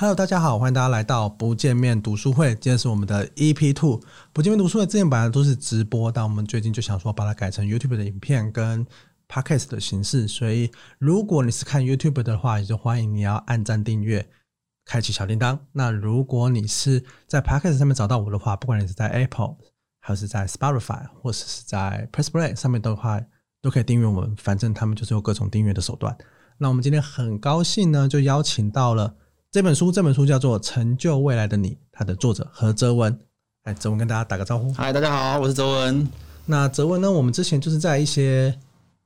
Hello，大家好，歡迎大家來到不見面讀書會。今天是我們的 EP Two 不見面讀書會。之前本來都是直播，但我們最近就想說把它改成 YouTube 的影片跟 Podcast 的形式。所以如果你是看 YouTube 的話，也就歡迎你要按讚、訂閱、開啟小鈴鐺。那如果你是在 Podcast 上面找到我的話，不管你是在 Apple 還是在 Spotify，或者是在 PressPlay 上面的話，都可以訂閱我們。反正他們就是有各種訂閱的手段。那我們今天很高興呢，就邀請到了。這本書，這本書叫做《成就未來的你》，它的作者何則文。來，則文跟大家打個招呼。嗨，大家好，我是則文。那則文呢？我們之前就是在一些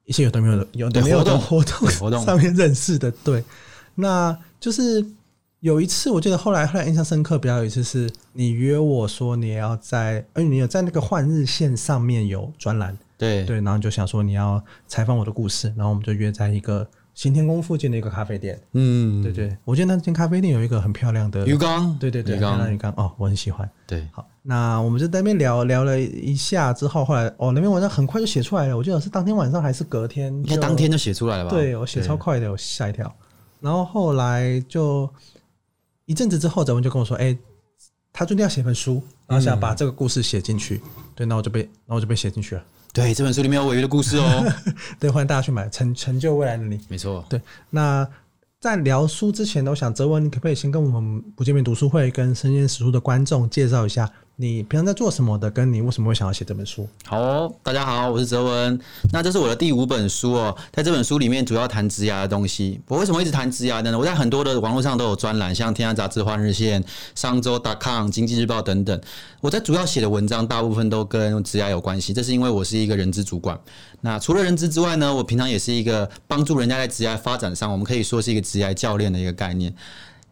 一些有都沒有的有對沒有的活動活動，活動上面認識的。對，那就是有一次，我記得後來後來印象深刻，比較有一次是你約我說你也要在，哎，你有在那個《換日線》上面有專欄，對對，然後就想說你要採訪我的故事，然後我們就約在一個，行天宮附近的一個咖啡店，嗯，對對，我記得那間咖啡店有一個很漂亮的魚缸，對對對，魚缸、哎、哦，我很喜歡。對，好，那我們就在那邊聊聊了一下之後，後來哦，那篇文章很快就寫出來了。我記得是當天晚上還是隔天？應該當天就寫出來了吧？對，我寫超快的，我嚇一跳。然後後來就一陣子之後，則文就跟我說：“哎，他中間要寫本書，然後想把這個故事寫進去。嗯”對，那我就被那我就被寫進去了。對這本書裡面有鮪魚的故事哦， 對，歡迎大家去買，成成就未來的你，沒錯。對，那在聊書之前呢，我想則文，你可不可以先跟我們不見面讀書會跟生鮮時書的觀眾介紹一下？你平常在做什麼的？跟你為什麼會想要寫這本書？好，哦，大家好，我是則文。那這是我的第五本書哦，在這本書裡面主要談職涯的東西。我為什麼一直談職涯呢？我在很多的網絡上都有專欄，像天安《天下雜誌》《換日線》《商周》《達康》《經濟日報》等等。我在主要寫的文章大部分都跟職涯有關係，這是因為我是一個人資主管。那除了人資之外呢，我平常也是一個幫助人家在職涯發展上，我們可以說是一個職涯教練的一個概念。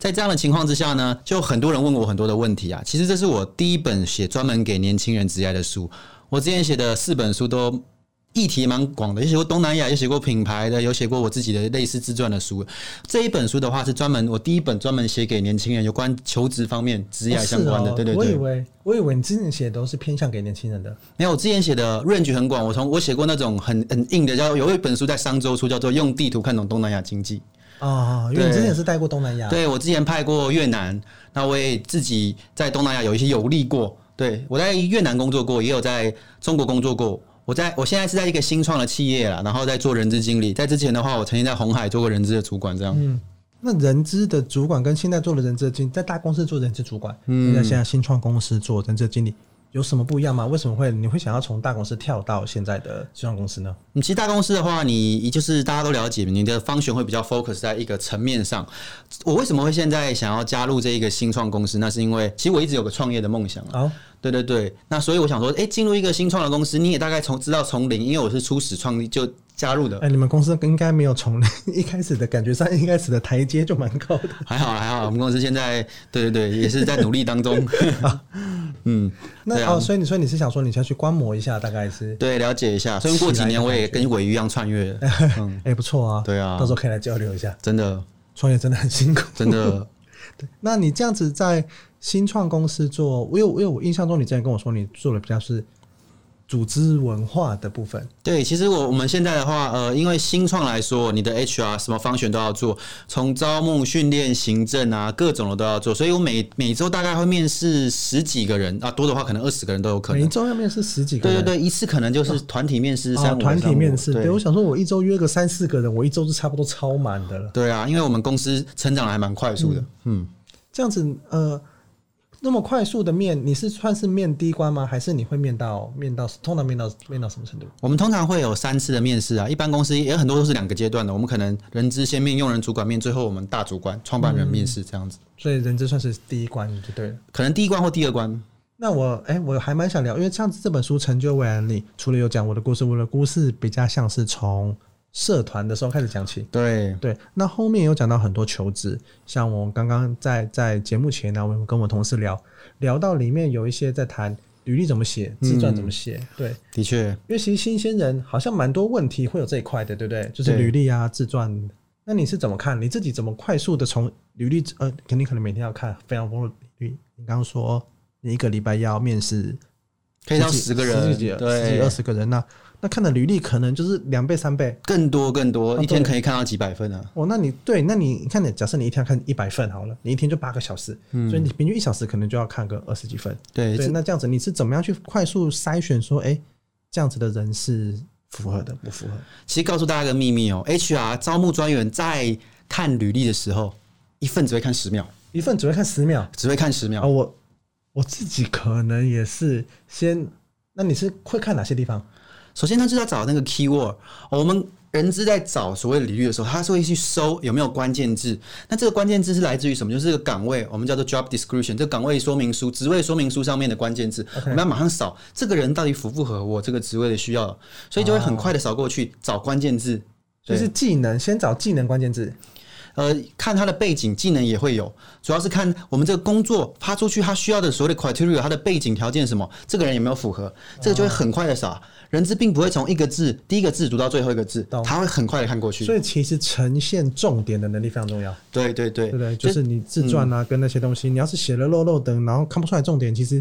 在這樣的情況之下呢，就很多人問我很多的問題啊。其實這是我第一本寫專門給年輕人職業的書。我之前寫的四本書都議題蠻廣的，有寫過東南亞，有寫過品牌的，有寫過我自己的類似自傳的書。這一本書的話是專門我第一本專門寫給年輕人有關求職方面職業相關的。哦哦。對對對，我以為我以為你之前寫的都是偏向給年輕人的。沒有，我之前寫的 range 很廣。我從我寫過那種很很硬的，叫有一本書在商周出，叫做《用地圖看懂東南亞經濟》。哦，因為你之前也是帶過東南亞，對，對我之前派過越南，那我也自己在東南亞有一些遊歷過。對我在越南工作過，也有在中國工作過。我在我現在是在一個新創的企業了，然後在做人資經理。在之前的話，我曾經在鴻海做過人資的主管，這樣。嗯，那人資的主管跟現在做的人資經理，在大公司做人資主管，現在現在新創公司做人資經理。嗯嗯有什麼不一樣嗎？為什麼會你會想要從大公司跳到現在的新創公司呢？你其實大公司的話，你就是大家都了解，你的 function 會比較 focus 在一個層面上。我為什麼會現在想要加入這一個新創公司？那是因為其實我一直有個創業的夢想啊。對對對，那所以我想說，哎，進入一個新創的公司，你也大概從知道從零，因為我是初始創立就加入的。哎，你們公司應該沒有從零一開始的感覺上，一開始的台階就蠻高的。還好還好，我們公司現在對對對，也是在努力當中。 嗯，那、啊、哦，所以你說你是想說，你要去觀摩一下，大概是對，了解一下。所以過幾年我也跟鮪魚一樣創業，哎、欸嗯欸，不錯啊，對啊，到時候可以來交流一下。真的，創業真的很辛苦，真的。 對，那你這樣子在新創公司做，因為因為我，有我有印象中你之前跟我說你做的比較是。組織文化的部分。對，其實我我們現在的話，呃，因為新創來說，你的 HR 什麼 function 都要做，從招募、訓練、行政啊，各種的都要做。所以我每每週大概會面試十幾個人啊，多的話可能二十個人都有可能。每週要面試十幾個人？對對對，一次可能就是團體面試三五。哦，團體面試。對，我想說，我一週約個三四個人，我一週就差不多超滿的了。對啊，因為我們公司成長得還蠻快速的嗯。嗯，這樣子，呃。那麼快速的面，你是算是面第一關嗎？還是你會面到面到通常面到面到什麼程度？我們通常會有三次的面試啊。一般公司也有很多都是兩個階段的。我們可能人資先面，用人主管面，最後我們大主管、創辦人面試這樣子。嗯，所以人資算是第一關就對了。可能第一關或第二關。那我哎、欸，我還蠻想聊，因為上次這本書成就未來的你，除了有講我的故事，我的故事比較像是從。社團的時候開始講起對，對對，那後面有講到很多求職，像我剛剛在在節目前呢，我跟我同事聊聊到裡面有一些在談履歷怎麼寫，自傳怎麼寫，嗯，對，的確，因為其實新鮮人好像蠻多問題會有這一塊的，對不對？就是履歷啊，自傳，那你是怎麼看？你自己怎麼快速的從履歷呃，肯定可能每天要看非常豐富的履歷。你剛剛說你一個禮拜要面試，可以要十個人，十幾對，十幾二十個人那、啊。那看的履歷可能就是兩倍、三倍，更多、更多、哦，一天可以看到幾百份啊！哦，那你對，那你你看，你假設你一天要看一百份好了，你一天就八個小時、嗯，所以你平均一小時可能就要看個二十幾份。對,對，那這樣子你是怎麼樣去快速篩選？說，哎、欸，這樣子的人是符合的，不符合？其實告訴大家一個秘密哦、喔、，HR 招募專員在看履歷的時候，一份只會看十秒，一份只會看十秒，只會看十秒。哦、啊，我我自己可能也是先，那你是會看哪些地方？首先，他就是要找那個 keyword。我們人資在找所謂的履歷的時候，他是會去搜有沒有關鍵字。那這個關鍵字是來自於什麼？就是這個崗位，我們叫做 job description，這個崗位說明書、職位說明書上面的關鍵字，Okay. 我們要馬上掃這個人到底符不符合我這個職位的需要，所以就會很快的掃過去，Oh. 找關鍵字，就是技能，先找技能關鍵字。呃，看他的背景、技能也會有，主要是看我們這個工作發出去，他需要的所有的 criteria，他的背景條件什麼，這個人有沒有符合，這個就會很快的掃。嗯、人資並不會從一個字、第一個字讀到最後一個字，他會很快的看過去。所以，其實呈現重點的能力非常重要。對對對，對，對，對就，就是你自傳啊，跟那些東西，嗯、你要是寫了漏漏等，然後看不出來重點，其實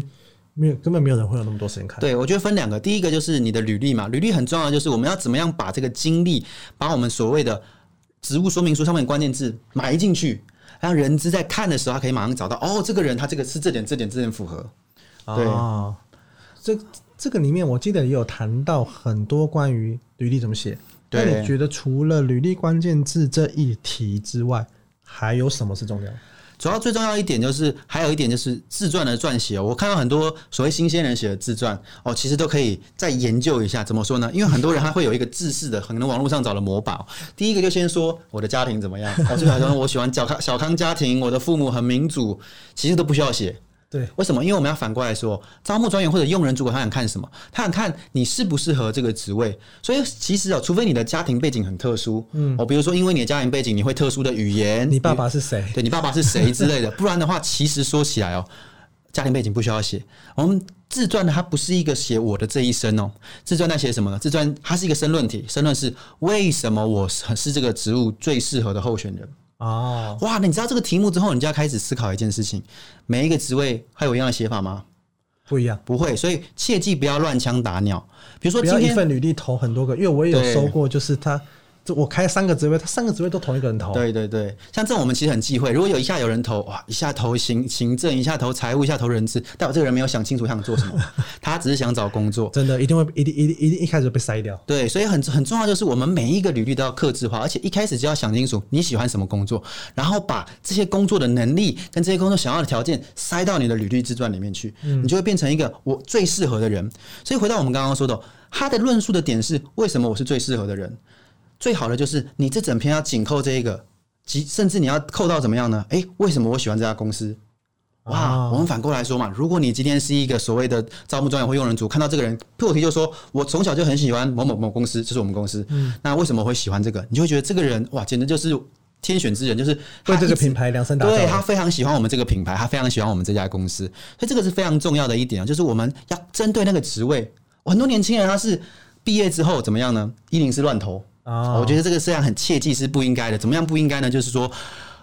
沒有根本沒有人會有那麼多時間看。對，我覺得分兩個，第一個就是你的履歷嘛，履歷很重要的，就是我們要怎麼樣把這個經歷，把我們所謂的。職務說明書上面關鍵字埋進去，讓人資在看的時候，他可以馬上找到。哦，這個人他這個是這點、這點、這點符合。對，哦、這這個裡面我記得也有談到很多關於履歷怎麼寫。那你覺得除了履歷關鍵字這一題之外，還有什麼是重要？主要最重要一點就是，還有一點就是自傳的撰寫、哦。我看到很多所謂新鮮人寫的自傳，哦，其實都可以再研究一下。怎麼說呢？因為很多人他會有一個自視的，可能網絡上找了模板、哦。第一個就先說我的家庭怎麼樣， 哦、就好像我喜歡小康小康家庭，我的父母很民主，其實都不需要寫。對，為什麼？因為我們要反過來說，招募專員或者用人主管，他想看什麼？他想看你適不適合這個職位。所以其實哦，除非你的家庭背景很特殊，嗯，我比如說，因為你的家庭背景，你會特殊的語言。你爸爸是誰？對，你爸爸是誰之類的， 不然的話，其實說起來哦，家庭背景不需要寫。我們自傳呢，它不是一個寫我的這一生哦，自傳在寫什麼呢？自傳它是一個申論題，申論是為什麼我是這個職務最適合的候選人。啊、哦！哇！你知道這個題目之後，你就要開始思考一件事情：每一個職位還有一樣的寫法嗎？不一樣，不會。所以切記不要亂槍打鳥。比如說，今天一份履歷投很多個，因為我也有收過，就是他。就我開三個職位，他三個職位都同一個人投、啊。對對對，像這種我們其實很忌諱。如果有一下有人投哇，一下投行行政，一下投財務，一下投人資，代表這個人沒有想清楚他想做什麼， 他只是想找工作，真的一定會一定一定一定一開始就被篩掉。對，所以很很重要就是我們每一個履歷都要客製化，而且一開始就要想清楚你喜歡什麼工作，然後把這些工作的能力跟這些工作想要的條件塞到你的履歷自傳裡面去、嗯，你就會變成一個我最適合的人。所以回到我們剛剛說的，他的論述的點是為什麼我是最適合的人。最好的就是你這整篇要緊扣這一個，即甚至你要扣到怎麼樣呢？哎、欸，為什麼我喜歡這家公司？哇、哦，我們反過來說嘛，如果你今天是一個所謂的招募專員或用人組，看到這個人，破題就說：我從小就很喜歡某某某，某公司，這、就是我們公司。嗯、那為什麼我會喜歡這個？你就會覺得這個人哇，簡直就是天選之人，就是為這個品牌量身打造。對，他非常喜歡我們這個品牌，他非常喜歡我們這家公司。所以這個是非常重要的一點啊，就是我們要針對那個職位。很多年輕人他是畢業之後怎麼樣呢？一零四亂投。啊、oh.，我覺得這個事情很切記，是不應該的。怎麼樣不應該呢？就是說，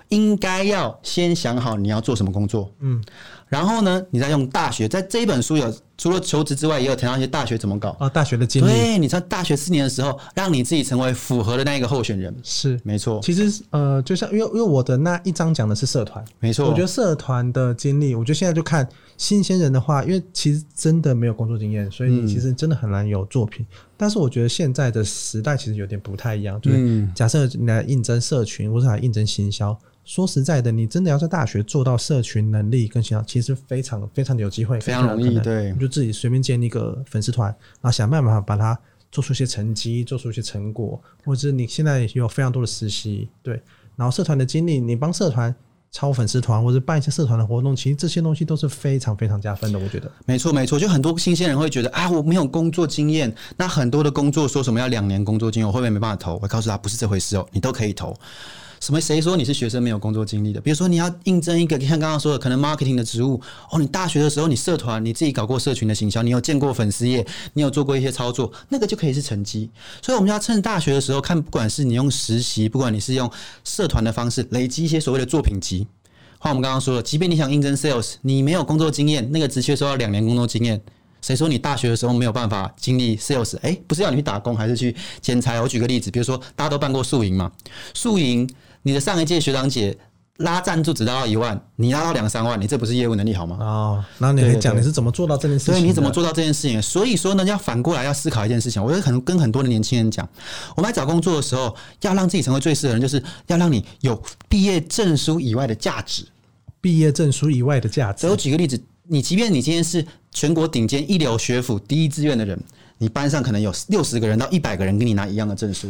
應該要先想好你要做什麼工作。嗯。然後呢，你再用大學，在這一本書有除了求職之外，也有談到一些大學怎麼搞啊，大學的經歷，對，你在大學四年的時候，讓你自己成為符合的那一個候選人是沒錯。其實呃，就像因為因為我的那一章講的是社團，沒錯，我覺得社團的經歷，我覺得現在就看新鮮人的話，因為其實真的沒有工作經驗，所以你其實真的很難有作品，嗯。但是我覺得現在的時代其實有點不太一樣，就是假設你來應徵社群，或者來應徵行銷。說實在的，你真的要在大學做到社群能力，跟其他其實非常非常的有機會，非常容易，對，就自己隨便建立一個粉絲團，然後想辦法把它做出一些成績，做出一些成果，或者是你現在有非常多的實習，對，然後社團的經歷，你幫社團超粉絲團，或者是辦一些社團的活動，其實這些東西都是非常非常加分的，我覺得。沒錯，沒錯，就很多新鮮人會覺得啊，我沒有工作經驗，那很多的工作說什麼要兩年工作經驗，我後會面會沒辦法投。我告訴他不是這回事哦，你都可以投。什麼？誰說你是學生沒有工作經歷的？比如說，你要應徵一個，像剛剛說的，可能 marketing 的職務哦。你大學的時候，你社團你自己搞過社群的行銷，你有見過粉絲頁，你有做過一些操作，那個就可以是成績。所以我們要趁大學的時候看，不管是你用實習，不管你是用社團的方式累積一些所謂的作品集。好，我們剛剛說了，即便你想應徵 sales，你沒有工作經驗，那個職缺說要兩年工作經驗，誰說你大學的時候沒有辦法經歷 sales？誒、欸，不是要你去打工還是去兼差？我舉個例子，比如說大家都辦過宿營嘛，宿營。你的上一屆學長姐拉贊助只拉到一萬，你拉到兩三萬，你這不是業務能力好嗎？啊、哦，那你還講你是怎麼做到這件事情對對對？所以你怎麼做到這件事情？所以說呢，要反過來要思考一件事情。我可能跟很多的年輕人講，我們在找工作的時候，要讓自己成為最適合人，就是要讓你有畢業證書以外的價值。畢業證書以外的價值。我舉個例子，你即便你今天是全國頂尖一流學府第一志願的人，你班上可能有六十個人到一百個人跟你拿一樣的證書。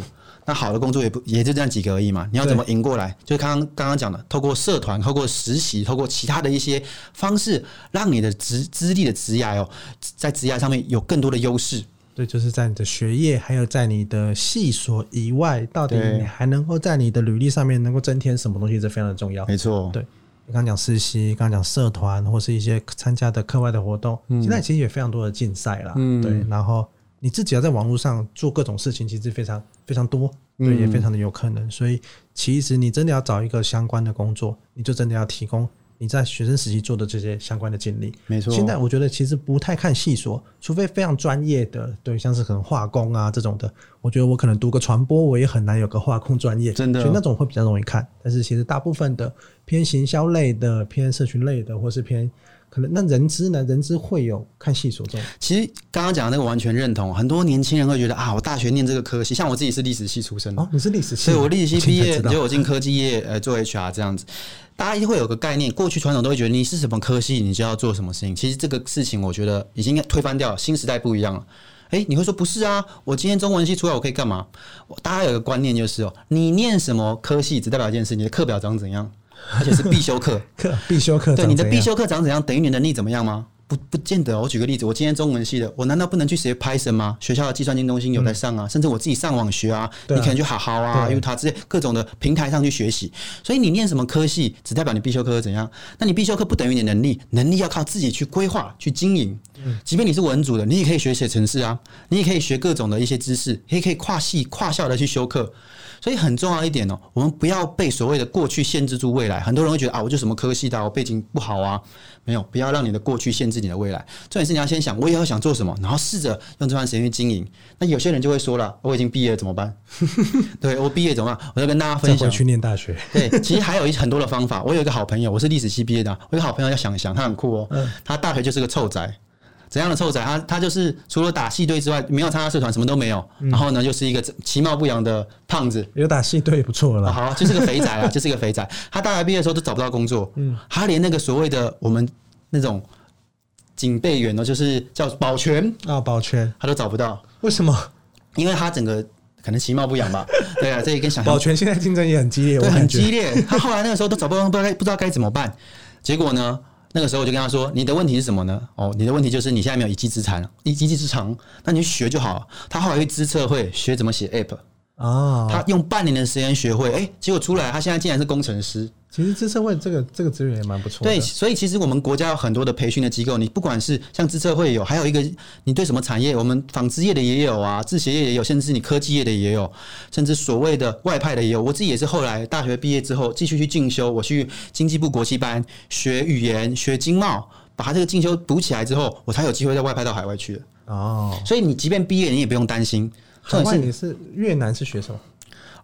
那好的工作也不也就這樣幾個而已嘛，你要怎麼贏過來？就是剛剛剛剛講的，透過社團、透過實習、透過其他的一些方式，讓你的資資歷的職涯哦，在職涯上面有更多的優勢。對，就是在你的學業，還有在你的系所以外，到底你還能夠在你的履歷上面能夠增添什麼東西，這非常的重要。沒錯，對。剛剛講實習，剛講社團，或是一些參加的課外的活動，嗯，現在其實也非常多的競賽了，嗯，對，然後。你自己要在網絡上做各種事情，其實非常非常多，對，嗯、也非常的有可能。所以，其實你真的要找一個相關的工作，你就真的要提供你在學生時期做的這些相關的經歷。沒錯，現在我覺得其實不太看細說，除非非常專業的，對，像是可能化工啊這種的，我覺得我可能讀個傳播，我也很難有個化工專業。真的，所以那種會比較容易看。但是，其實大部分的偏行銷類的、偏社群類的，或是偏。那人資呢？人資會有看系所重。其實剛剛講的那個我完全認同，很多年輕人會覺得啊，我大學念這個科系，像我自己是歷史系出身的，哦，你是歷史系，所以我歷史系畢業就我進科技業，呃，做 HR 這樣子，大家一定會有個概念，過去傳統都會覺得你是什麼科系，你就要做什麼事情。其實這個事情我覺得已經推翻掉了，新時代不一樣了。哎，你會說不是啊？我今天中文系出來我可以幹嘛？大家有個觀念就是哦，你念什麼科系只代表一件事，你的課表長怎樣。而且是必修課， 必修課，對，你的必修課長怎樣，等於你的能力怎麼樣嗎？不，不見得、哦。我舉個例子，我今天中文系的，我難道不能去學 Python 嗎？學校的計算機中心有在上啊，嗯、甚至我自己上網學啊，對啊，你可能就好好啊，因為他這些各種的平台上去學習。所以你念什麼科系，只代表你必修課怎樣？那你必修課不等於你的能力，能力要靠自己去規劃、去經營。即便你是文組的，你也可以學寫程式啊，你也可以學各種的一些知識，也可以跨系、跨校的去修課。所以很重要一點哦，我們不要被所謂的過去限制住未來。很多人會覺得啊，我就什麼科系的，啊，我背景不好啊，沒有，不要讓你的過去限制你的未來。重點是你要先想，我以後想做什麼，然後試着用這段時間去經營。那有些人就會說了，我已經畢業了怎麼辦？ 對我畢業怎麼辦？我要跟大家分享去念大學。 對，其實還有一很多的方法。我有一個好朋友，我是歷史系畢業的，啊，我有一個好朋友叫想一想，他很酷哦，嗯，他大學就是個臭宅。怎樣的臭仔？他他就是除了打戲隊之外，沒有參加社團，什麼都沒有、嗯。然後呢，就是一個其貌不揚的胖子。有打戲隊不錯了。好、啊，就是個肥仔啊， 就是一個肥仔。他大學畢業的時候都找不到工作。嗯，他連那個所謂的我們那種警備員呢，就是叫保全啊、哦，保全，他都找不到。為什麼？因為他整個可能其貌不揚吧。對啊，這也跟想，想保全現在競爭也很激烈，對，很激烈。 他後來那個時候都找不到，不知道不知道該怎麼辦。結果呢？那個時候我就跟他說：“你的問題是什麼呢？哦，你的問題就是你現在沒有一技之長，一一技之長，那你學就好，他後來會知測繪，學怎麼寫 app。哦，他用半年的時間學會，誒、欸，結果出來，他現在竟然是工程師。其實資策會這個這個資源也蠻不錯的。對，所以其實我們國家有很多的培訓的機構，你不管是像資策會有，還有一個你對什麼產業，我們紡織業的也有啊，製鞋業也有，甚至是你科技業的也有，甚至所謂的外派的也有。我自己也是後來大學畢業之後繼續去進修，我去經濟部國際班學語言、學經貿，把他這個進修讀起來之後，我才有機會在外派到海外去哦，所以你即便畢業，你也不用擔心。重點是你是越南是學什麼？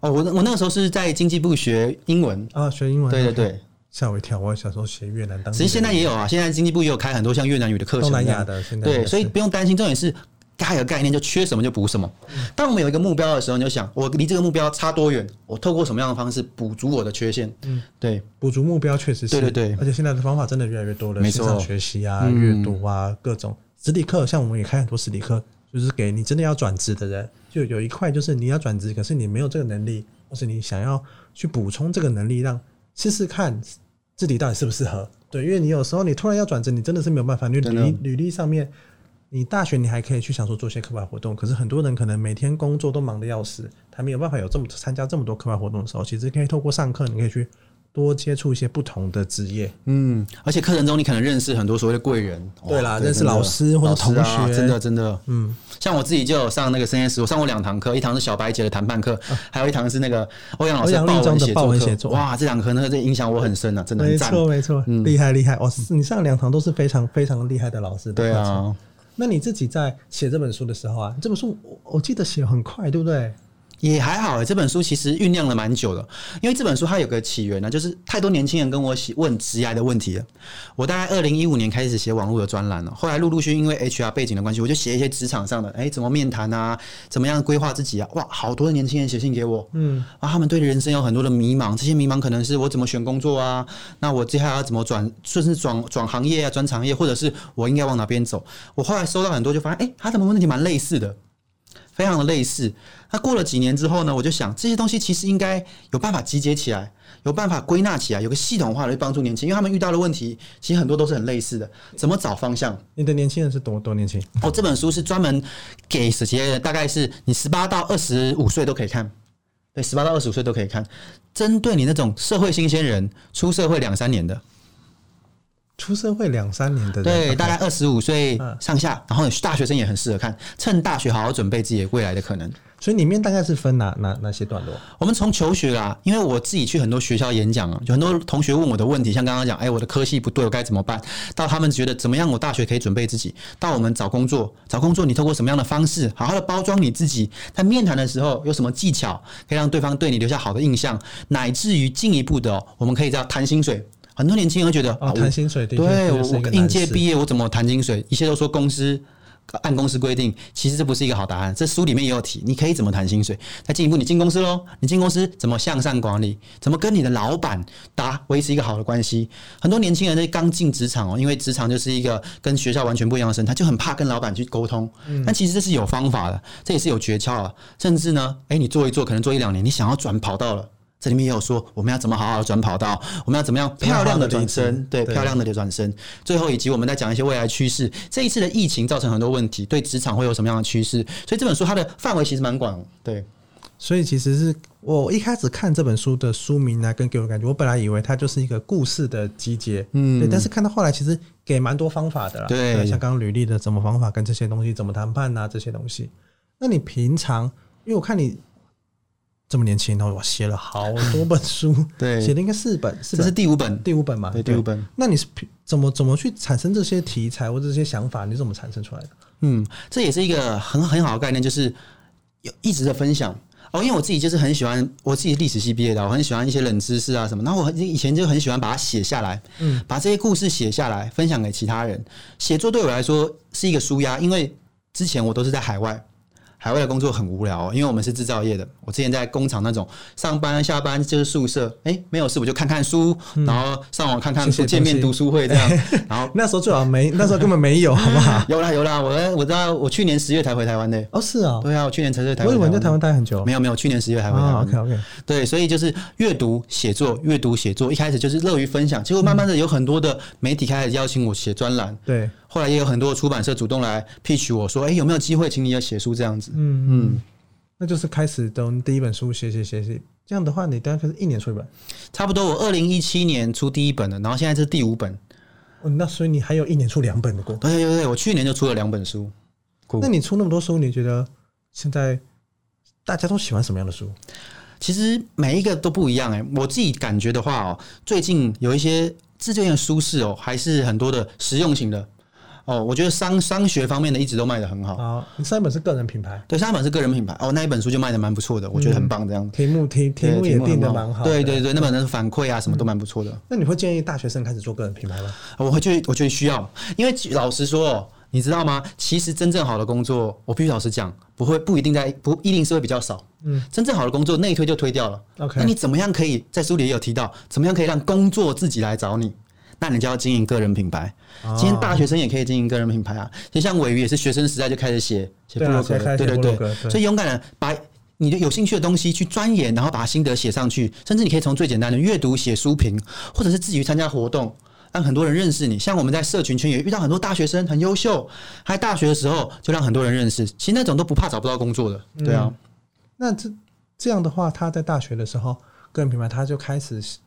哦，我我那個時候是在經濟部學英文啊，學英文，對對對，嚇我一跳！我小時候學越南當時，其實現在也有啊，現在經濟部也有開很多像越南語的課程樣。東南亞的現在，對，所以不用擔心，重點是該有概念，就缺什麼就補什麼，嗯。當我們有一個目標的時候，你就想我離這個目標差多遠？我透過什麼樣的方式補足我的缺陷？嗯，對，補足目標確實是，對對對，而且現在的方法真的越來越多了，線上學習啊，閱、嗯、讀啊，各種實體課，像我們也開很多實體課，就是給你真的要轉職的人。就有一塊就是你要轉職，可是你沒有這個能力，或是你想要去補充這個能力讓，讓試試看自己到底適不適合。對，因為你有時候你突然要轉職，你真的是沒有辦法。你履履歷上面，你大學你還可以去享受做一些課外活動，可是很多人可能每天工作都忙得要死，他沒有辦法有這麼參加這麼多課外活動的時候，其實可以透過上課，你可以去。多接觸一些不同的職業，嗯，而且課程中你可能認識很多所謂的貴人，對啦對，認識老師或者同、啊、同學，真的真的，嗯，像我自己就有上那個生鮮時書，我上過兩堂課，一堂是小白姐的談判課、嗯，還有一堂是那個歐陽老師的報文寫作，文作、嗯，哇，這兩科那個影響我很深啊，嗯、真的很沒錯沒錯，厲害厲害，哇、哦，你上兩堂都是非常非常厲害的老師、嗯，對啊，那你自己在寫這本書的時候啊，這本書我記得寫很快，對不對？也還好、欸，這本書其實醞釀了蠻久的，因為這本書它有個起源呢、啊，就是太多年輕人跟我寫問職涯的問題了。我大概二零一五年開始寫網絡的專欄了，後來陸陸續續因為 HR 背景的關係，我就寫一些職場上的，哎、欸，怎麼面談啊，怎麼樣規劃自己啊，哇，好多的年輕人寫信給我，嗯，啊，他們對人生有很多的迷茫，這些迷茫可能是我怎麼選工作啊，那我接下來要怎麼轉，甚至轉轉行業啊，轉產業，或者是我應該往哪邊走？我後來收到很多，就發現，哎、欸，他怎麼問題蠻類似的。非常的類似，那、啊、過了幾年之後呢，我就想這些東西其實應該有辦法集結起來，有辦法歸納起來，有個系統化的去幫助年輕人，因為他們遇到的問題其實很多都是很類似的。怎麼找方向？你的年輕人是多多年輕？哦，這本書是專門給這些，大概是你十八到二十五歲都可以看，對，十八到二十五歲都可以看，針對你那種社會新鮮人，出社會兩三年的。出社會兩三年的對，okay, 大概二十五歲上下、啊，然後大學生也很適合看，趁大學好好準備自己未來的可能。所以裡面大概是分哪哪哪些段落？我們從求學啊，因為我自己去很多學校演講啊，有很多同學問我的問題，像剛剛講，哎、欸，我的科系不對，我該怎麼辦？到他們覺得怎麼樣？我大學可以準備自己？到我們找工作，找工作你透過什麼樣的方式好好的包裝你自己？在面談的時候有什麼技巧可以讓對方對你留下好的印象？乃至於進一步的、喔，我們可以叫談薪水。很多年輕人覺得啊，談薪水。對，我應屆畢業，我怎麼談薪水？一切都說公司按公司規定，其實這不是一個好答案。這書裡面也有提，你可以怎麼談薪水？那進一步，你進公司嘍，你進公司怎麼向上管理？怎麼跟你的老闆達維持一個好的關係？很多年輕人呢，剛進職場哦、喔，因為職場就是一個跟學校完全不一樣的生，他就很怕跟老闆去溝通。但其實這是有方法的，這也是有訣竅啊。甚至呢，誒，你做一做，可能做一兩年，你想要轉跑道了。這裡面也有說，我們要怎麼好好的轉跑道？我們要怎麼樣漂亮的轉身？對，漂亮的的轉身。最後，以及我們在講一些未來趨勢。這一次的疫情造成很多問題，對職場會有什麼樣的趨勢？所以這本書它的範圍其實蠻廣。對，所以其實是我一開始看這本書的書名呢、啊，跟給我感覺，我本來以為它就是一個故事的集結。嗯，對。但是看到後來，其實給蠻多方法的啦。對，像剛剛履歷的怎麼方法，跟這些東西怎麼談判吶、啊，這些東西。那你平常，因為我看你。這麼年輕，然後我寫了好多本書。對，寫了應該四,四本，這是第五本，第五本嘛。對，第五本。那你是怎麼怎麼去產生這些題材或者這些想法？你怎麼產生出來的？嗯，這也是一個很很好的概念，就是有一直的分享哦。因為我自己就是很喜歡，我自己歷史系畢業的，我很喜歡一些冷知識啊什麼。那我以前就很喜歡把它寫下來，嗯，把這些故事寫下來，分享給其他人。寫作對我來說是一個紓壓，因為之前我都是在海外。海外的工作很無聊，因為我們是製造業的。我之前在工廠那種上班下班就是宿舍，哎、欸，沒有事我就看看書，然後上網看看書、嗯、謝謝，見面讀書會這樣。欸、然後那時候最好沒，那時候根本沒有，嗯、好不好？有啦，有啦。我我知道，我去年十月才回台灣的。哦，是啊、哦，對啊，我去年才在台灣，我以為在台灣。為什麼你在台灣待很久？沒有沒有，去年十月才回台灣，哦。OK OK。對，所以就是閱讀寫作，閱讀寫作，一開始就是樂於分享，結果慢慢的有很多的媒體開始邀請我寫專欄。對。後來也有很多出版社主動來 pitch 我說：“哎、欸，有沒有機會請你要寫書？”這樣子，嗯嗯，那就是開始等第一本書寫寫寫寫。這樣的話，你大概是一年出一本，差不多。我二零一七年出第一本的，然後現在是第五本。哦，那所以你還有一年出兩本的過。對對對，我去年就出了兩本書。那你出那麼多書，你覺得現在大家都喜歡什麼樣的書？其實每一個都不一樣哎、欸。我自己感覺的話哦、喔，最近有一些自建的書是哦、喔，還是很多的實用型的。哦，我覺得商商學方面的一直都賣得很好。啊、哦，上一本是個人品牌，對，上一本是個人品牌。哦，那一本書就賣得蠻不錯的，我覺得很棒這樣子、嗯。題目題題目也定得蠻的蠻好，對對對，那本的反饋啊，什麼都蠻不錯的、嗯。那你會建議大學生開始做個人品牌嗎？哦、我會去，我覺得需要，因為老實說，你知道嗎？其實真正好的工作，我必須老實講，不會不一定在不一定是會比較少。嗯，真正好的工作內推就推掉了。OK，、嗯、那你怎麼樣可以在書裡也有提到，怎麼樣可以讓工作自己來找你？那你就要經營個人品牌，今天大學生也可以經營個人品牌啊！就像鮪魚也是學生時代就開始寫寫博客，對對對，對，所以勇敢的把你的有興趣的東西去鑽研，然後把心得寫上去，甚至你可以從最簡單的閱讀寫書評，或者是自己去參加活動，讓很多人認識你。像我們在社群圈也遇到很多大學生很優秀，還大學的時候就讓很多人認識。其實那種都不怕找不到工作的，對啊、嗯。那這這樣的話，他在大學的時候個人品牌他就開始。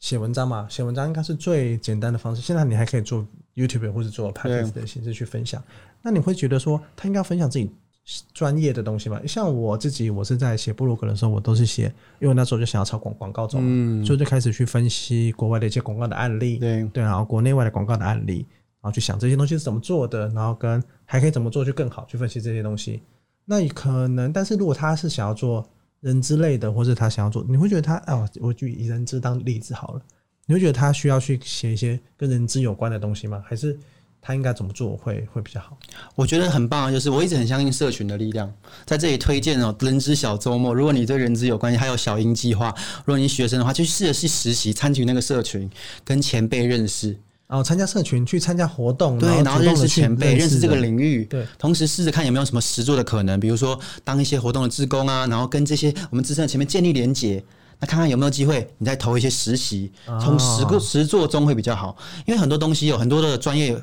寫文章嘛，寫文章應該是最簡單的方式。現在你還可以做 YouTube 或者做 Podcast 的形式去分享。那你會覺得說，他應該分享自己專業的東西嘛？像我自己，我是在寫部落格的時候，我都是寫，因為那時候就想要朝廣廣告走嘛、嗯，所以就開始去分析國外的一些廣告的案例，對對，然後國內外的廣告的案例，然後去想這些東西是怎麼做的，然後跟還可以怎麼做就更好，去分析這些東西。那可能，但是如果他是想要做。人之類的，或者他想要做，你會覺得他啊、哦，我就以人資當例子好了。你會覺得他需要去寫一些跟人資有關的東西嗎？還是他應該怎麼做會會比較好？我覺得很棒啊，就是我一直很相信社群的力量，在這裡推薦哦，人資小周末。如果你對人資有關係，還有小鷹計畫，如果你學生的話，去試着去實習，參與那個社群，跟前輩認識。然、哦、參加社群，去參加活動，對，然後動然後認識前輩，認識這個領域，對，同時試着看有沒有什麼實作的可能，比如說當一些活動的志工啊，然後跟這些我們資深的前輩建立連接，那看看有沒有機會，你再投一些實習，哦、從實實作中會比較好，因為很多東西有很多的專業。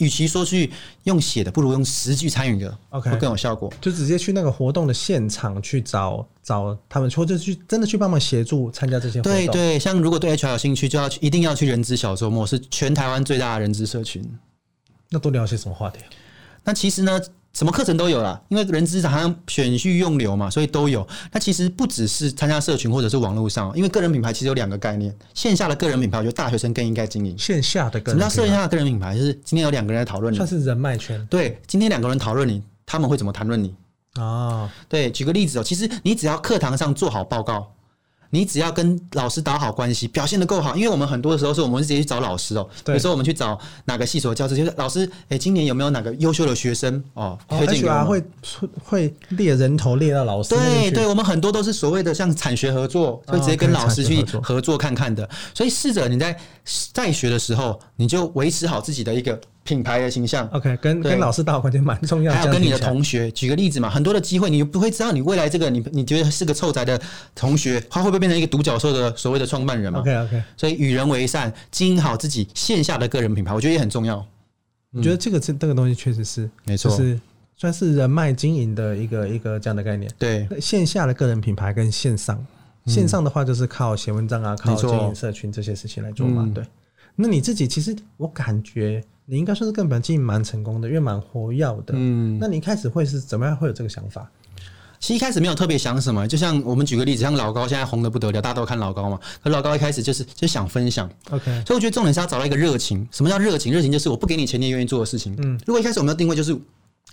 與其說去用寫的，不如用實際參與的，OK，會更有效果。就直接去那個活動的現場去找找他們，或者去真的去幫忙協助參加這些活動。對對，像如果對 HR 有興趣，就要去，一定要去人資小周末，是全台灣最大的人資社群。那都聊些什麼話題啊？那其實呢。什麼課程都有啦，因為人資，常常選續用流嘛，所以都有。那其實不只是參加社群或者是網絡上，因為個人品牌其實有兩個概念，線下的個人品牌，我覺得大學生更應該經營。線下的什麼叫線下的個人品牌？品牌就是今天有兩個人在討論你，算是人脈圈。對，今天兩個人討論你，他們會怎麼談論你哦，對，舉個例子哦，其實你只要課堂上做好報告。你只要跟老師打好關係，表現得夠好，因為我們很多的時候是我們是直接去找老師哦、喔。對。有時候我們去找哪個系所的教師，就是老師，誒、欸、今年有沒有哪個優秀的學生、喔、哦？會進去、欸、啊，會會獵人頭獵到老師。對對，我們很多都是所謂的像產學合作，會、哦、直接跟老師去合作看看的。所以試着你在在學的時候，你就維持好自己的一個。品牌的形象，OK，跟跟老師打好關係蠻重要的的，還有跟你的同學，舉個例子嘛，很多的機會你不會知道，你未來這個你你覺得是個臭宅的同學，他會不會變成一個獨角獸的所謂的創辦人嘛？OK，OK、okay, okay、所以與人為善，經營好自己線下的個人品牌，我覺得也很重要。我、嗯、覺得這個這這個東西確實是沒錯，就是算是人脈經營的一個一個這樣的概念。對，線下的個人品牌跟線上，嗯、線上的話就是靠寫文章啊，靠做社群這些事情來做嘛、嗯。對，那你自己其實我感覺。你應該說是根本經營蠻成功的，因為蠻活躍的。嗯，那你一開始會是怎麼樣會有這個想法？其實一開始沒有特別想什麼，就像我們舉個例子，像老高現在紅得不得了，大家都看老高嘛。可老高一開始就是就想分享，OK。所以我覺得重點是要找到一個熱情。什麼叫熱情？熱情就是我不給你錢，你也願意做的事情。嗯，如果一開始我們要定位就是。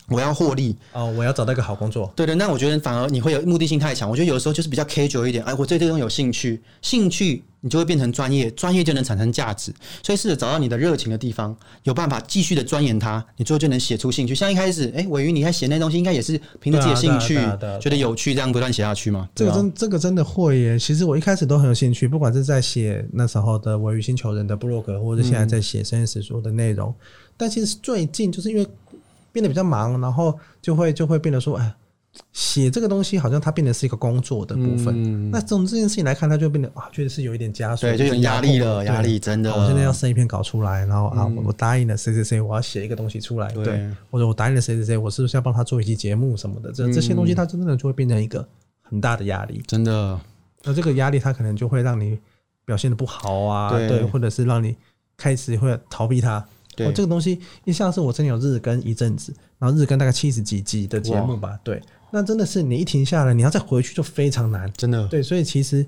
我要獲利哦，我要找到一個好工作。對的，那我覺得反而你會有目的性太強。我覺得有的時候就是比較 casual 一點。哎，我對這個東西有興趣，興趣你就會變成專業，專業就能產生價值。所以試着找到你的熱情的地方，有辦法繼續的鑽研它，你最後就能寫出興趣。像一開始，哎、欸，鮪魚，你在寫那東西應該也是憑着自己的興趣、啊啊啊啊，覺得有趣，這樣不斷寫下去嘛、啊。這個真，這個真的會耶。其實我一開始都很有興趣，不管是在寫那時候的《鮪魚星球人》的部落格或者是現在在寫生鮮時書的內容、嗯。但其實最近就是因為。變得比較忙，然後就會就會變得說，哎，寫這個東西好像它變得是一個工作的部分。嗯、那從這件事情來看，它就變得啊，確實是有一點加速，對，就有壓力了，壓力真的、啊。我現在要寫一篇稿出來，然後、嗯、啊，我答應了誰誰誰，我要寫一個東西出來，對，或者我答應了誰誰誰，我是不是要幫他做一期節目什麼的，這、嗯、這些東西，它真的就會變成一個很大的壓力，真的。那這個壓力，它可能就會讓你表現得不好啊，對對，對，或者是讓你開始會逃避它。哦、這個東西，一下是我真的有日更一陣子，然後日更大概七十幾集的節目吧。對，那真的是你一停下來，你要再回去就非常難，真的。對，所以其實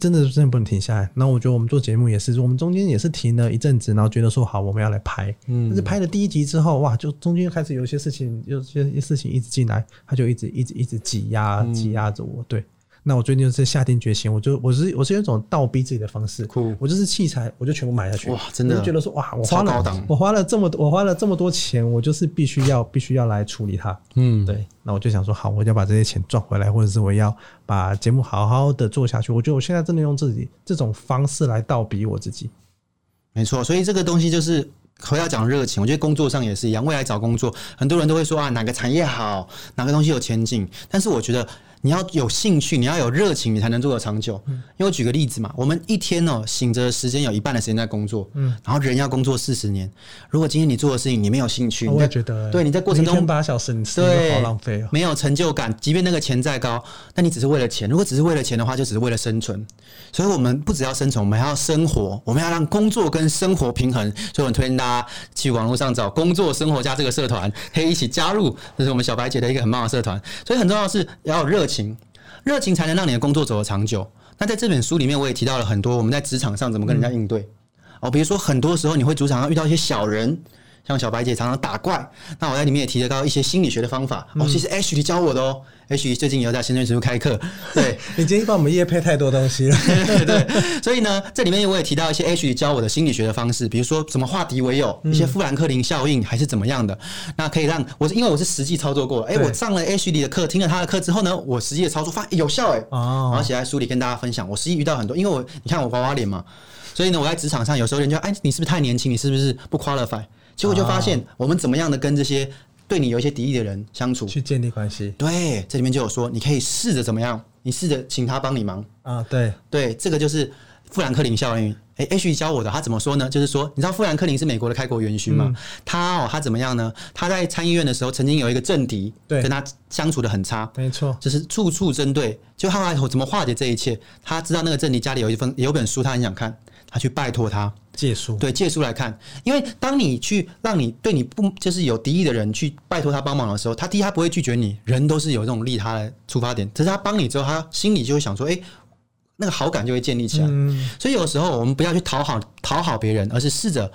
真的真的不能停下來。那我覺得我們做節目也是，我們中間也是停了一陣子，然後覺得說好，我們要來拍。嗯、但是拍了第一集之後，哇，就中間開始有一些事情，有些事情一直進來，他就一直一直一直擠壓擠壓着我。對。那我最近就是下定決心，我就我是我是用一種倒逼自己的方式，酷，我就是器材我就全部買下去，哇，真的，我就覺得說哇，我花了超高檔，我花了這麼多，我花了這麼多錢，我就是必須要必須要來處理它，嗯，對。那我就想說，好，我要把這些錢賺回來，或者是我要把節目好好的做下去。我覺得我現在真的用自己這種方式來倒逼我自己，沒錯。所以這個東西就是可要講熱情，我覺得工作上也是一樣。未來找工作，很多人都會說啊，哪個產業好，哪個東西有前景。但是我覺得。你要有興趣，你要有熱情，你才能做得長久。嗯，因為我舉個例子嘛，我們一天哦、喔，醒着時間有一半的時間在工作，嗯，然後人要工作四十年。如果今天你做的事情你沒有興趣，我也覺得、欸，對，你在過程中八小時，你真的好浪費、喔、沒有成就感。即便那個錢再高，但你只是為了錢。如果只是為了錢的話，就只是為了生存。所以，我們不只要生存，我們還要生活。我們要讓工作跟生活平衡。所以，我推薦大家去網絡上找“工作生活家”這個社團，可以一起加入，這、就是我們小白姐的一個很棒的社團。所以，很重要的是也要有熱情。情熱情才能讓你的工作走得長久。那在這本書裡面，我也提到了很多我們在職場上怎麼跟人家應對、嗯、哦，比如說很多時候你會職場上遇到一些小人。像小白姐常常打怪，那我在裡面也提得到一些心理學的方法、嗯、哦。其實 Ashley 教我的哦，Ashley 最近也有在深圳成都開課。對，你今天幫我們業配太多東西了。 對，對，對，對， 所以呢，這裡面我也提到一些 Ashley 教我的心理學的方式，比如說怎麼化敵為友，一些富蘭克林效應還是怎麼樣的。嗯、那可以讓我是因為我是實際操作過，哎，欸、我上了 Ashley 的課，聽了他的課之後呢，我實際的操作發有效哎、欸。哦，然後寫在書裡跟大家分享，我實際遇到很多，因為我你看我娃娃臉嘛，所以呢，我在職場上有時候人就，哎，你是不是太年輕？你是不是不 qualify？結果就發現，我們怎麼樣的跟這些對你有一些敵意的人相處，去建立關係？對，這裡面就有說，你可以試着怎麼樣？你試着請他幫你忙啊？對對，這個就是富蘭克林效應。誒、欸、H、欸、教我的，他怎麼說呢？就是說，你知道富蘭克林是美國的開國元勳嗎？嗯、他哦、喔，他怎麼樣呢？他在參議院的時候，曾經有一個政敵，對，跟他相處得很差，沒錯，就是處處針對。就後來我怎麼化解這一切？他知道那個政敵家裡有一封有本書，他很想看。他去拜託他借書，對，借書來看，因為當你去讓你對你不就是有敵意的人去拜託他幫忙的時候，他第一他不會拒絕你，人都是有這種利他的出發點，只是他幫你之後，他心裡就會想說，哎，欸，那個好感就會建立起來，嗯，所以有時候我們不要去討好，討好別人，而是試着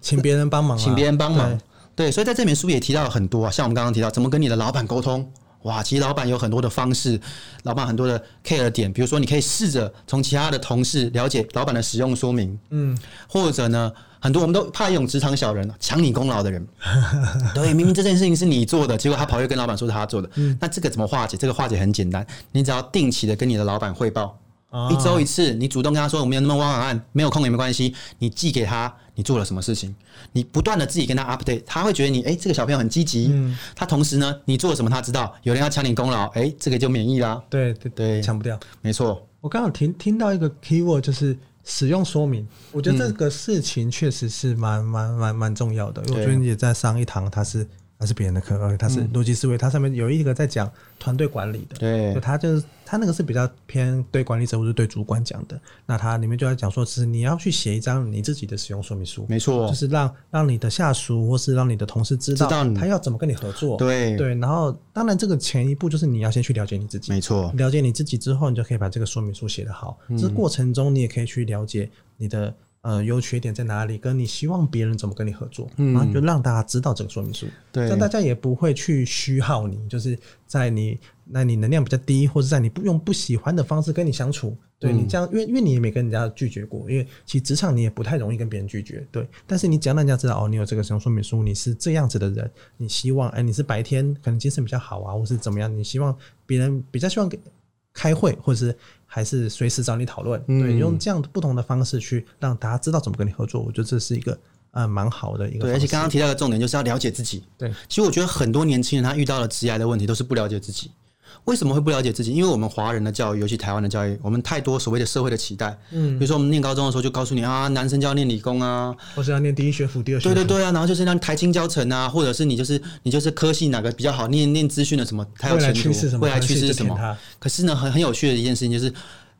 請別人幫忙啊，請別人幫忙，對，所以在這本書也提到了很多啊，像我們剛剛提到怎麼跟你的老闆溝通。哇，其實老闆有很多的方式，老闆很多的 care 點，比如說你可以試着從其他的同事了解老闆的使用說明，嗯，或者呢，很多我們都怕一種職場小人，搶你功勞的人。 對，明明這件事情是你做的，結果他跑去跟老闆說是他做的，嗯、那這個怎麼化解？這個化解很簡單，你只要定期的跟你的老闆匯報，哦、一周一次，你主動跟他說我們有那麼 one on one，沒有空也沒關係，你寄給他。你做了什麼事情？你不斷的自己跟他 update，他會覺得你誒、欸，這個小朋友很積極。嗯。他同時呢，你做了什麼，他知道有人要搶你功勞，誒、欸，這個就免疫了。對對對，搶不掉。沒錯。我剛好聽聽到一個 keyword 就是使用說明，我覺得這個事情確實是蠻蠻蠻蠻重要的。嗯、因為我覺得也在上一堂，他是。那是別人的課，而它是邏輯思維，它上面有一個在講團隊管理的，對，它就是他那個是比較偏對管理者或者對主管講的。那它裡面就在講說，其實你要去寫一張你自己的使用說明書，沒錯，就是讓讓你的下屬或是讓你的同事知道他要怎麼跟你合作，對對。然後，當然這個前一步就是你要先去了解你自己，沒錯，了解你自己之後，你就可以把這個說明書寫得好。這、嗯、過程中，你也可以去了解你的。呃，優缺點在哪裡？跟你希望別人怎麼跟你合作，嗯，然後就讓大家知道這個說明書。對，但大家也不會去虛耗你，就是在你那你能量比較低，或者在你不用不喜歡的方式跟你相處。對、嗯、你這樣，因為因為你也沒跟人家拒絕過，因為其實職場你也不太容易跟別人拒絕。對，但是你只要讓人家知道，哦，你有這個使用說明書，你是這樣子的人，你希望，哎，你是白天可能精神比較好啊，或是怎麼樣？你希望別人比較希望給開會，或者是還是隨時找你討論，對，用這樣不同的方式去讓大家知道怎麼跟你合作，我覺得這是一個嗯，呃，蠻好的一個。對，而且剛剛提到的重點就是要了解自己。對，其實我覺得很多年輕人他遇到了職涯的問題，都是不了解自己。為什麼會不了解自己？因為我們華人的教育，尤其台灣的教育，我們太多所謂的社會的期待。嗯，比如說我們念高中的時候就告訴你啊，男生就要念理工啊，或是要念第一學府、第二學府。對對對啊，然後就是讓台清交成啊，或者是你就是你就是科系哪個比較好，念念資訊的什麼，他有前途去是什麼，未來趨勢什麼，是什麼。可是呢，很很有趣的一件事情就是，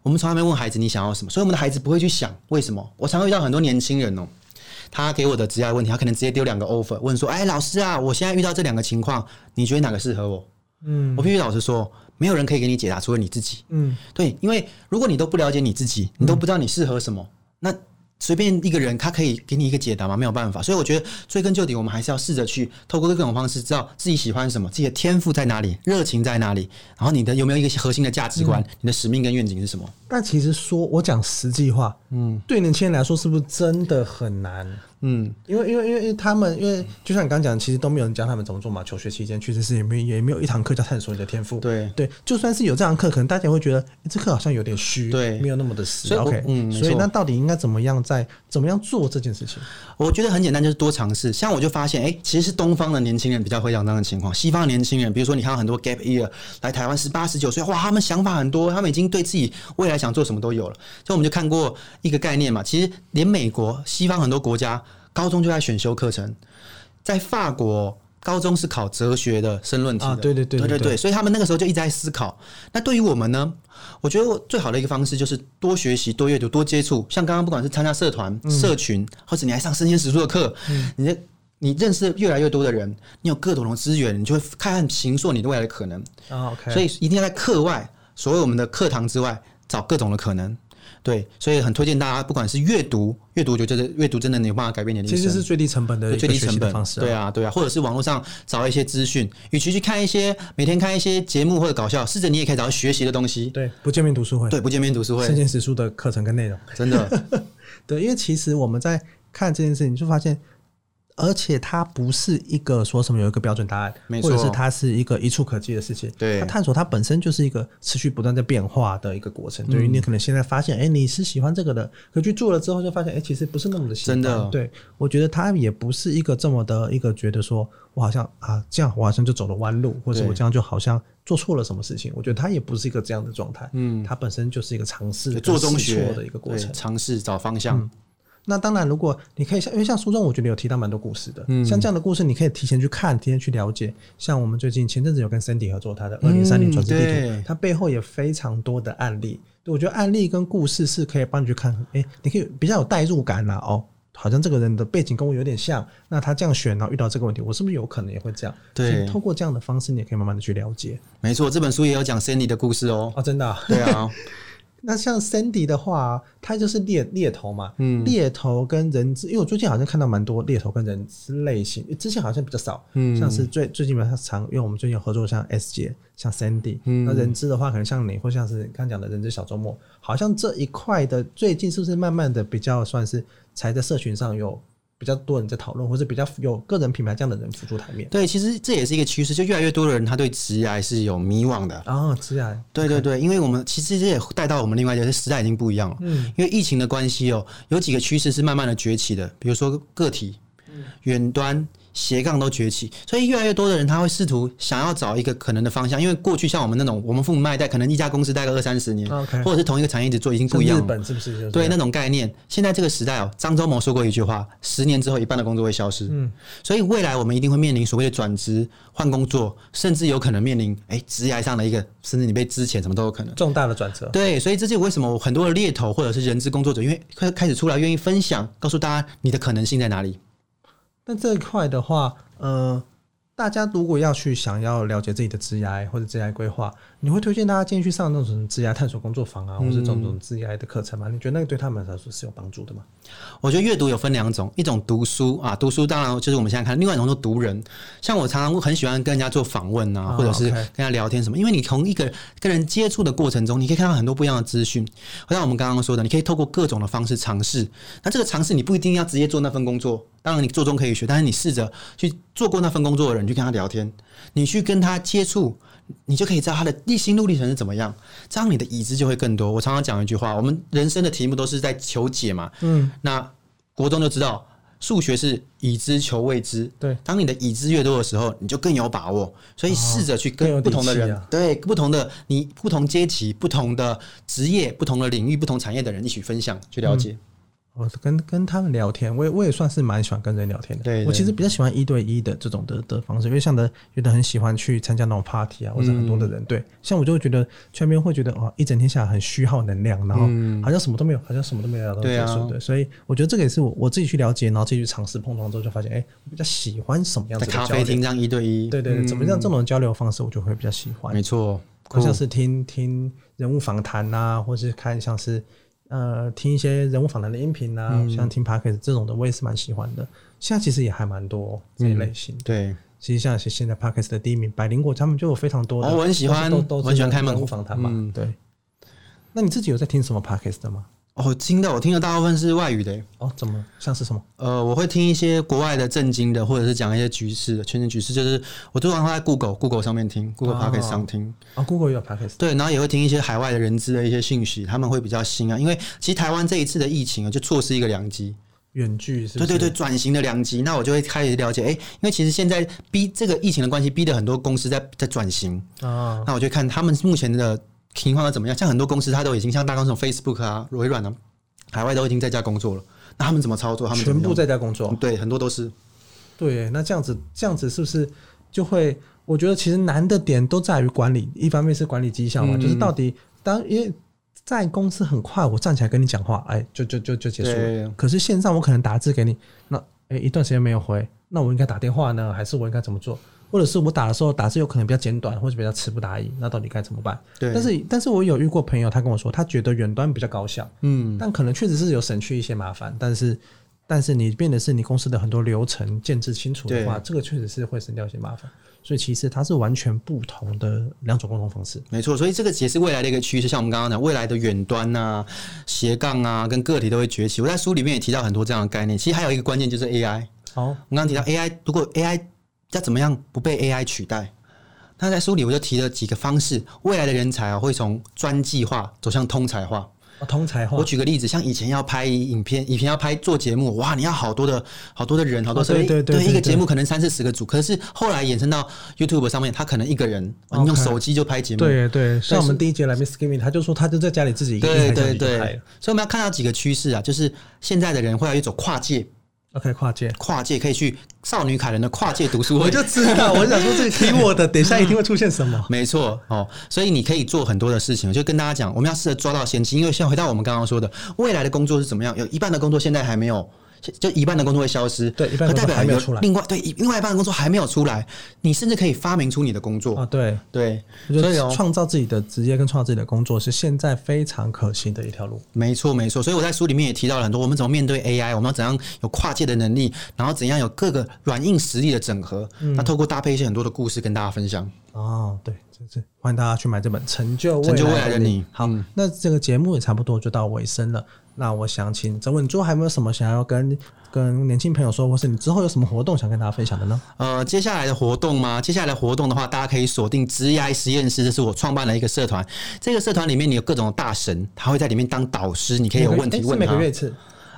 我們從來沒問孩子你想要什麼，所以我們的孩子不會去想為什麼。我常常遇到很多年輕人哦、喔，他給我的職涯問題，他可能直接丟兩個 offer，問說：“哎、欸，老師啊，我現在遇到這兩個情況，你覺得哪個適合我？”嗯，我必須老實說，沒有人可以給你解答，除了你自己。嗯，對，因為如果你都不了解你自己，你都不知道你適合什麼，嗯、那隨便一個人他可以給你一個解答嗎？沒有辦法。所以我覺得追根究底，我們還是要試着去透過各種方式，知道自己喜歡什麼，自己的天賦在哪裡，熱情在哪裡，然後你的有沒有一個核心的價值觀、嗯，你的使命跟願景是什麼。但其實說，我講實際話，嗯，對年輕人來說，是不是真的很難？嗯，因為因為因為他們，因為就像你剛講，其實都沒有人教他們怎麼做嘛。求學期間，確實是也沒也沒有一堂課叫探索你的天賦。對對，就算是有這堂課，可能大家也會覺得、欸、這課好像有點虛，對，沒有那麼的實。OK，嗯，所以那到底應該怎麼樣？在怎麼樣做這件事情？我覺得很簡單，就是多嘗試。像我就發現，哎、欸，其實是東方的年輕人比較會講這樣的情況。西方的年輕人，比如說你看到很多 Gap Year 來台灣十八十九歲，哇，他們想法很多，他們已經對自己未來。想做什麼都有了，所以我們就看過一個概念嘛。其實連美國、西方很多國家高中就在選修課程，在法國高中是考哲學的申論題的、啊。對對對對對對，對，所以他們那個時候就一直在思考。那對於我們呢？我覺得最好的一個方式就是多學習、多閱讀、多接觸。像剛剛不管是參加社團、嗯、社群，或者你還上生鮮時書的課，嗯、你你認識越來越多的人，你有各種的資源，你就會看看形塑你的未來的可能、哦 okay、所以一定要在課外，所謂我們的課堂之外。找各種的可能，對，所以很推薦大家，不管是閱讀，閱讀我覺得閱讀真的你有辦法改變你的，其實是最低成本的,一個的、啊、對最低成本方式，對啊，對啊，或者是網絡上找一些資訊，與其去看一些每天看一些節目或者搞笑，試着你也可以找到學習的東西，對，不見面讀書會，對，不見面讀書會，生鮮時書的課程跟內容，真的， 對，因為其實我們在看這件事情，就發現。而且它不是一個說什麼有一個標準答案，或者是它是一個一蹴可及的事情。對，它探索它本身就是一個持續不斷在變化的一個過程。嗯、對於你可能現在發現，哎、欸，你是喜歡這個的，可去做了之後就發現，哎、欸，其實不是那麼的喜歡。真的，對我覺得它也不是一個這麼的一個覺得說我好像啊這樣，我好像就走了彎路，或者我這樣就好像做錯了什麼事情。我覺得它也不是一個這樣的狀態。嗯，它本身就是一個嘗試做中學的一個過程，嘗試找方向。嗯那當然，如果你可以像，因為像書中，我覺得有提到蠻多故事的。嗯。像這樣的故事，你可以提前去看，提前去了解。像我們最近前陣子有跟 Sandy 合作，他的二零三零轉職地圖、嗯，它背後有非常多的案例。我覺得案例跟故事是可以幫你去看。誒，你可以比較有代入感啦、啊。哦，好像這個人的背景跟我有點像。那他這樣選，然後遇到這個問題，我是不是有可能也會這樣？對。透過這樣的方式，你也可以慢慢的去了解。沒錯，這本書也有講 Sandy 的故事哦。啊、哦，真的、啊。對啊。 那像 Sandy 的話，他就是獵獵頭嘛，獵、嗯、頭跟人資，因為我最近好像看到蠻多獵頭跟人資類型，之前好像比較少，嗯、像是最最近比較常，因為我們最近有合作像 S 姐，像 Sandy 那、嗯、人資的話，可能像你或像是剛講的人資小周末，好像這一塊的最近是不是慢慢的比較算是才在社群上有。比較多人在討論，或者比較有個人品牌這樣的人浮出台面。對，其實這也是一個趨勢，就越來越多的人他對職涯是有迷惘的啊，職、哦、涯。對對對，okay. 因為我們其實這也帶到我們另外一個時代已經不一樣了，嗯、因為疫情的關係哦、喔，有幾個趨勢是慢慢的崛起的，比如說個體、遠、嗯、端。斜槓都崛起，所以越來越多的人他會試圖想要找一個可能的方向，因為過去像我們那種，我們父母那一代，可能一家公司待個二三十年，okay，或者是同一個產業一直做，已經不一樣了。日本是不是，是？對那種概念，現在這個時代哦、喔，張忠謀說過一句話：十年之後，一半的工作會消失。嗯，所以未來我們一定會面臨所謂的轉職、換工作，甚至有可能面臨哎職業上的一個，甚至你被資遣什麼都有可能重大的轉折。對，所以這就是為什麼很多的獵頭或者是人資工作者，因為開開始出來願意分享，告訴大家你的可能性在哪裡。那這一塊的話，呃，大家如果要去想要了解自己的職涯或者職涯規劃，你會推薦大家今天去上那種什麼職涯探索工作坊啊，或者是這種種職涯的課程嗎？嗯，你覺得那個對他們來說是有幫助的嗎？我覺得閱讀有分兩種，一種讀書啊，讀書當然就是我們現在看；另外一種讀人。像我常常很喜歡跟人家做訪問啊，或者是跟他聊天什麼。啊，okay。因為你從一個跟人接觸的過程中，你可以看到很多不一樣的資訊。像我們剛剛說的，你可以透過各種的方式嘗試。那這個嘗試你不一定要直接做那份工作，當然你做中可以學，但是你試着去做過那份工作的人去跟他聊天，你去跟他接觸。你就可以知道他的內心路歷程是怎麼樣，這樣你的已知就會更多。我常常講一句話，我們人生的題目都是在求解嘛。嗯，那國中就知道數學是已知求未知。對，當你的已知越多的時候，你就更有把握。所以試着去跟不同的人，對不同的你，不同階級、不同的職業、不同的領域、不同產業的人一起分享，去了解。我跟跟他們聊天，我也我也算是蠻喜歡跟人聊天的。對對對，我其實比較喜歡一對一的這種的的方式，因為像的有的很喜歡去參加那種 party 啊，或者很多的人，嗯、對，像我就覺得面會覺得圈邊會覺得哦，一整天下來很虛耗能量，然後好像，有、嗯、好像什麼都沒有，好像什麼都沒有聊到結束對、啊、對，所以我覺得這個也是我我自己去了解，然後自己去嘗試碰撞之後，就發現哎、欸，我比較喜歡什麼樣的在咖啡廳，這樣一對一，對對、對，嗯、怎麼這樣這種交流方式，我就會比較喜歡。沒錯，或者是聽、cool、聽人物訪談啊，或者是看像是。呃，聽一些人物訪談的音頻啊、嗯，像聽 Podcast 這種的，我也是蠻喜歡的。現在其實也還蠻多、哦嗯、這一類型對，其實像現在 Podcast 的第一名百靈果，國他們就有非常多的、哦，我很喜歡，都很喜歡開門戶訪談嘛。對。那你自己有在聽什麼 Podcast 的嗎？我、哦、聽的，我聽的大部分是外語的。哦，怎麼像是什麼？呃，我會聽一些國外的震驚的，或者是講一些局勢的，全球局勢。就是我通常在 Google Google 上面聽，Google Podcast 上聽。啊、哦哦、，Google 有 Podcast。對，然後也會聽一些海外的人資的一些信息，他們會比較新啊。因為其實台灣這一次的疫情，就錯失一個良機。遠距是是？對對對，轉型的良機。那我就會開始了解，哎、欸，因為其實現在逼這個疫情的關係，逼得很多公司在在轉型啊、哦。那我就看他們目前的。情況怎麼樣？像很多公司，它都已經像大公司 Facebook 啊、微軟啊，海外都已經在家工作了。那他們怎麼操作？他們全部在家工作？對，很多都是。對，那這樣子，這樣子是不是就會？我覺得其實難的點都在於管理。一方面是管理績效嘛、嗯，就是到底當因為在公司很快，我站起來跟你講話，哎，就就就就結束了。對對對，可是線上我可能打字給你，那誒、欸、一段時間沒有回，那我應該打電話呢，還是我應該怎麼做？或者是我打的時候打字，有可能比較簡短，或者比較詞不達意，那到底該怎麼辦？對。但是，但是我有遇過朋友，他跟我說，他覺得遠端比較高效，嗯。但可能確實是有省去一些麻煩，但是，但是你變得是你公司的很多流程建置清楚的話，這個確實是會省掉一些麻煩。所以，其實它是完全不同的兩種溝通方式。沒錯。所以，這個也是未來的一個趨勢。像我們剛剛講，未來的遠端啊、斜槓啊，跟個體都會崛起。我在書裡面也提到很多這樣的概念。其實還有一個關鍵就是 AI。好、哦，我剛剛提到 AI，、啊、如果 AI。要怎麼樣不被 AI 取代？那在書裡我就提了幾個方式，未來的人才啊會從專技化走向通才化，啊。通才化，我舉個例子，像以前要拍影片，以前要拍做節目，哇，你要好多的好多的人，好多設備，啊，對，對，對，對，對，一個節目可能三四十個組。可是後來延伸到 YouTube 上面，他可能一個人你，okay, 用手機就拍節目。對對，對，像我們第一節來 Miss Kim，n 他就說他就在家裡自己一個對對對，所以我們要看到幾個趨勢啊，就是現在的人會有一種跨界。可、okay, 以跨界，跨界可以去少女凱倫的跨界讀書會 我就知道， 我就想說，這個聽我的， 等一下一定會出現什麼 嗯。沒錯哦，所以你可以做很多的事情。就跟大家講，我們要試着抓到先機，因為現在回到我們剛剛說的，未來的工作是怎麼樣？有一半的工作現在還沒有。就一半的工作會消失，對，一半工作還沒有出來，可代表有另外對另外一半的工作還沒有出來，你甚至可以發明出你的工作啊，對對，所以創、哦、造自己的職業跟創造自己的工作是現在非常可行的一條路。沒錯沒錯，所以我在書裡面也提到了很多，我們怎麼面對 AI，我們要怎樣有跨界的能力，然後怎樣有各個軟硬實力的整合，那、嗯、透過搭配一些很多的故事跟大家分享、嗯、哦，對這這，歡迎大家去買這本成《成就未來的你》好。好、嗯，那這個節目也差不多就到尾聲了。那我想請則文，你最後還有沒有什麼想要跟跟年輕朋友說，或是你之後有什麼活動想跟大家分享的呢？呃，接下來的活動嗎？接下來的活動的話，大家可以鎖定職涯實驗室，這是我創辦的一個社團。這個社團裡面，你有各種大神，他會在裡面當導師，你可以有問題問他。欸、每個月一次。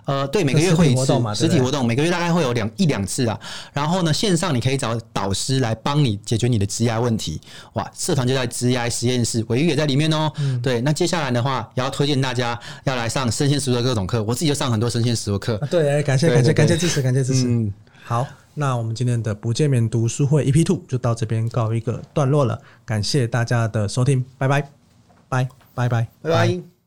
呃，對，每個月會有活動嘛，實體活動，每個月大概會有兩一兩次啊。然後呢，線上你可以找導師來幫你解決你的職涯問題。哇，社團就在職涯實驗室，瑋瑜也在裡面哦、嗯。對。那接下來的話，也要推薦大家要來上生鮮時書各種課。我自己就上很多生鮮時書課、啊，欸。對，感謝感謝感謝支持感謝支持、嗯。好，那我們今天的不見面讀書會 EP Two 就到這邊告一個段落了。感謝大家的收聽，拜拜拜拜拜拜拜。拜拜 bye bye 拜拜。